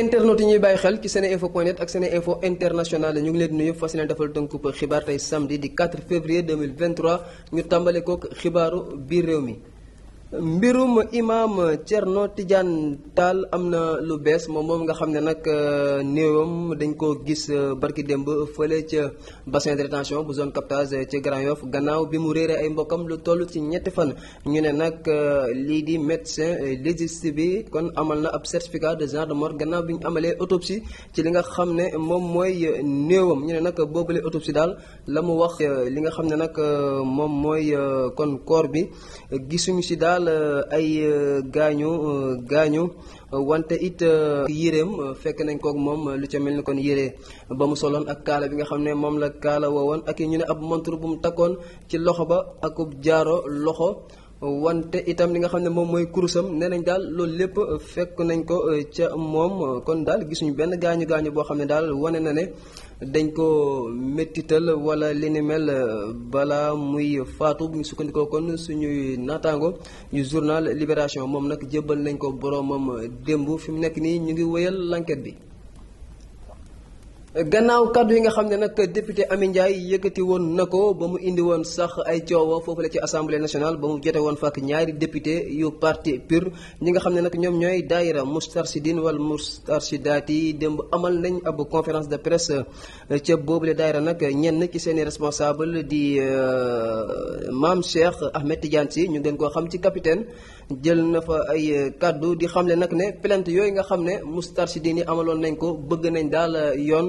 internet yi ñuy bàyyi xel ci seen point net ak seneinfo international ñu ngi leen di nuyu fas yéene defal tënkub xibaar tey samedi di 4 février ñu tàmbale kook xibaaru biir réew mi. mbirum imaam Thierno Tidiane taal am na lu bees moom moom nga xam ne nag euh, néewam dañ ko gis euh, barki démb fële ca bassin de rétention bu zone captage euh, ci Grand Yoff gannaaw bi mu réeree ay mbokkam lu toll ci ñetti fan ñu ne nag lii di médecin légiste bi kon amal na ab certificat de genre de mort gannaaw bi ñu amalee autopsie ci li nga xam ne moom mooy néewam ñu ne nag boobule autopsie daal la mu wax li nga xam ne nag moom mooy kon corps bi gisuñu si daal daal euh, ay euh, gaañu euh, gaañu wante it yéreem fekk nañ kook moom lu ca mel ni kon yére ba mu soloon ak kaala bi nga xam ne moom la kaala woowoon ak ñu ne ab montre bu mu takkoon ci loxo ba akub jaaro loxo wante itam li nga xam ne moom mooy kurusam nee nañ daal loolu lépp fekk nañ ko euh, ca moom kon daal gisuñu benn gaañu gaañu boo xam ne daal wane na ne dañ ko méttital wala li ni mel euh, balaa muy faatu bu ñu sukkandikoo kon suñuy naataango yu journal Libération moom nag jébbal nañ ko boroomam démb fi mu nekk nii ñu ngi wéyal l'enquête bi. gannaaw kàddu yi nga xam ne nag député Amy Ndiaye yëkkati woon na ko ba mu indi woon sax ay coowa foofu la ci assemblée nationale ba mu jote woon fàkk ñaari député yu parti PUR ñi nga xam ne nag ñoom ñooy daayira Moustarchidine wala Moustarchidaty yi démb amal nañ ab conférence de presse ca boobule daayira nag ñenn ci seen i responsable di euh, maam Cheikh Ahmed Tidiane Sy ñu gën koo xam ci capitaine jël na fa ay euh, kàddu di xamle nag ne plainte yooyu nga xam ne Moustarchidine yi amaloon nañ ko bëgg nañ daal euh, yoon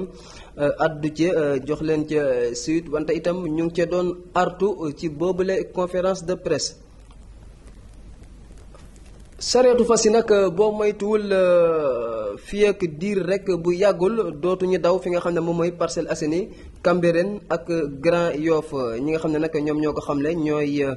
euh, addu ci jox leen ca suite wante itam ñu ngi cee doon artu ci boobule conférence de presse. sareetu fas yi nag boo moytuwul. fii diir rek bu yàggul dootuñu daw fi nga xam ne moom mooy Parcelles Assainies Cambérène ak Grand Yoff ñi nga xam ne nag ñoom ñoo ko xam xamle ñooy euh,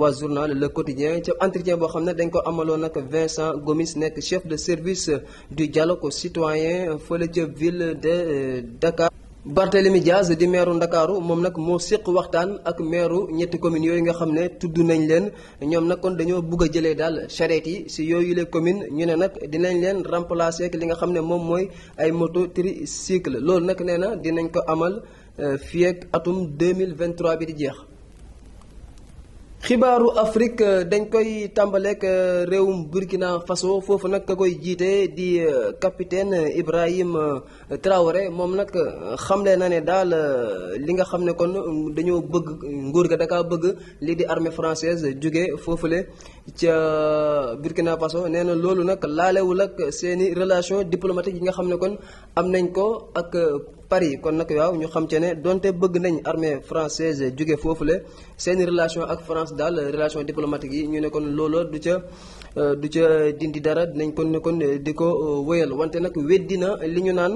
waa journal Le Quotidien ca entretien boo xam ne dañ ko amaloo nag Vincent Gomis nekk chef de service du dialogue citoyen fële ca ville de euh, Dakar. Barthélemy Diaz di meeru Ndakaaru moom nag moo séq waxtaan ak meeru ñetti communes yooyu nga xam ne tudd nañ leen ñoom nag kon dañoo bugg a jëlee daal charrette yi si yooyu les communes ñu ne nag dinañ leen remplacer ak li nga xam ne moom mooy ay moto tricycle loolu nag nee na dinañ ko amal euh, fii ak atum 2023 bi di jeex. xibaaru Afrique euh, dañ koy tàmbaleek euh, réewum Burkina façon foofu nag ka koy jiite di euh, capitaine Ibrahim Traoré moom nag xamle na ne daal li nga xam ne kon dañoo bëgg nguur ga dakaa bëgg lii di armée française jóge foofule ca Burkina Faso nee na loolu nag laalewul ak seeni relation diplomatique yi nga xam ne kon am nañ ko ak Paris kon nag waaw ñu xam te ne donte bëgg nañ armée française jóge foofule seeni relation ak France daal relation diplomatique yi ñu ne kon looloo du ca euh, du ca dindi dara dinañ kon ne kon di ko euh, wéyal wante nag weddi na li ñu naan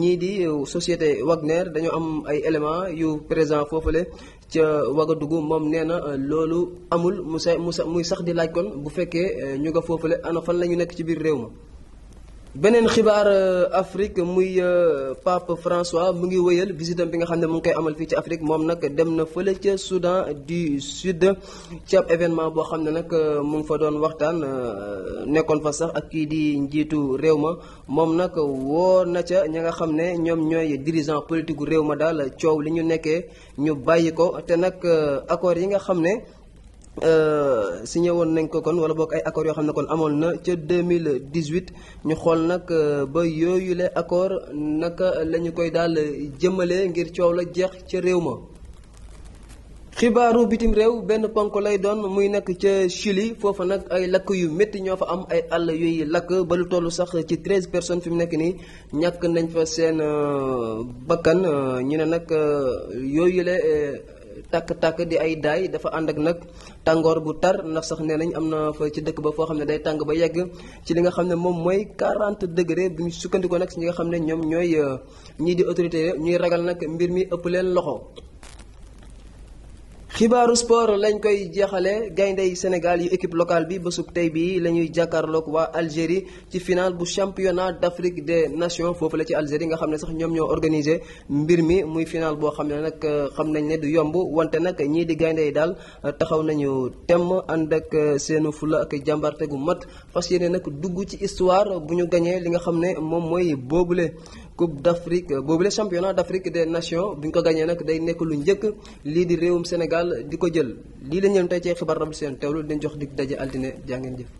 ñii di euh, societé Wagner dañoo am ay éléments yu présent foofu foofule ca Wagadugu moom nee na euh, loolu amul muse sa mu sa muy sax di laaj kon bu fekkee euh, ñu nga foofule ano fan la ñu nekk ci biir réew ma. beneen xibaar euh, Afrique muy euh, Pape François mu ngi wëyal visitam bi nga xam ne mu ngi koy amal fii ci Afrique moom nag dem na fële ca Soudan du Sud ci événement boo xam ne nag euh, mu ngi fa doon waxtaan nekkoon fa sax ak kii di njiitu réew ma moom nag woo na ca ña nga xam ne ñoom ñooy dirigeant politique gu réew ma daal coow li ñu nekkee ñu bàyyi ko te nag accord yi nga xam ne Euh, signé woon nañ ko kon wala boog ay accords yoo xam ne kon amoon na ca mille 2018 ñu xool nag euh, ba yooyu le accord naka lañu koy daal jëmale ngir coow la jeex ca réew ma xibaaru bitim réew benn ponk lay doon muy nekk ca Chili foofa nag ay lakk yu métti ñoo fa am ay àll yuy lakk ba lu toll sax ci 13 personnes fi mu nekk nii ñàkk nañ fa seen euh, bakkan ñu ne nag yooyu le tàkk-tàkk di ay daay dafa ànd ak nag tàngoor bu tar ndax sax nee nañ am na fa ci dëkk ba foo xam ne day tàng ba yegg ci li nga xam ne moom mooy 40 degré bu ñu sukkandikoo nag si ñi nga xam ne ñoom ñooy euh, ñii di autorité ñuy ragal nag mbir mi ëpp leen loxo. xibaaru sport lañ koy jeexale gayndey Sénégal yu équipe locale bi bésub tey bii la ñuy jàkkaarloog waa Algérie ci final bu championnat d'Afrique des nations foofu la ci Algérie nga xam ne sax ñoom ñoo organisé mbir mi muy final boo xam ne nag euh, xam nañ ne du yomb wante nag ñii di gaynde yi daal euh, taxaw nañu temm ànd ak euh, seenu fula ak jàmbarte gu mat fas yéene nag dugg ci histoire bu ñu gañee li nga xam ne moom mooy boobu le coupe d' Afrique euh, boobu le championnat d' de des nations bi ñu ko gagné nag day nekk lu njëkk lii di réewum Sénégal di ko jël lii la ñu leen tey ci xibaar rabal seen teewlu dañ jox di daje altine jaa ngeen jëf.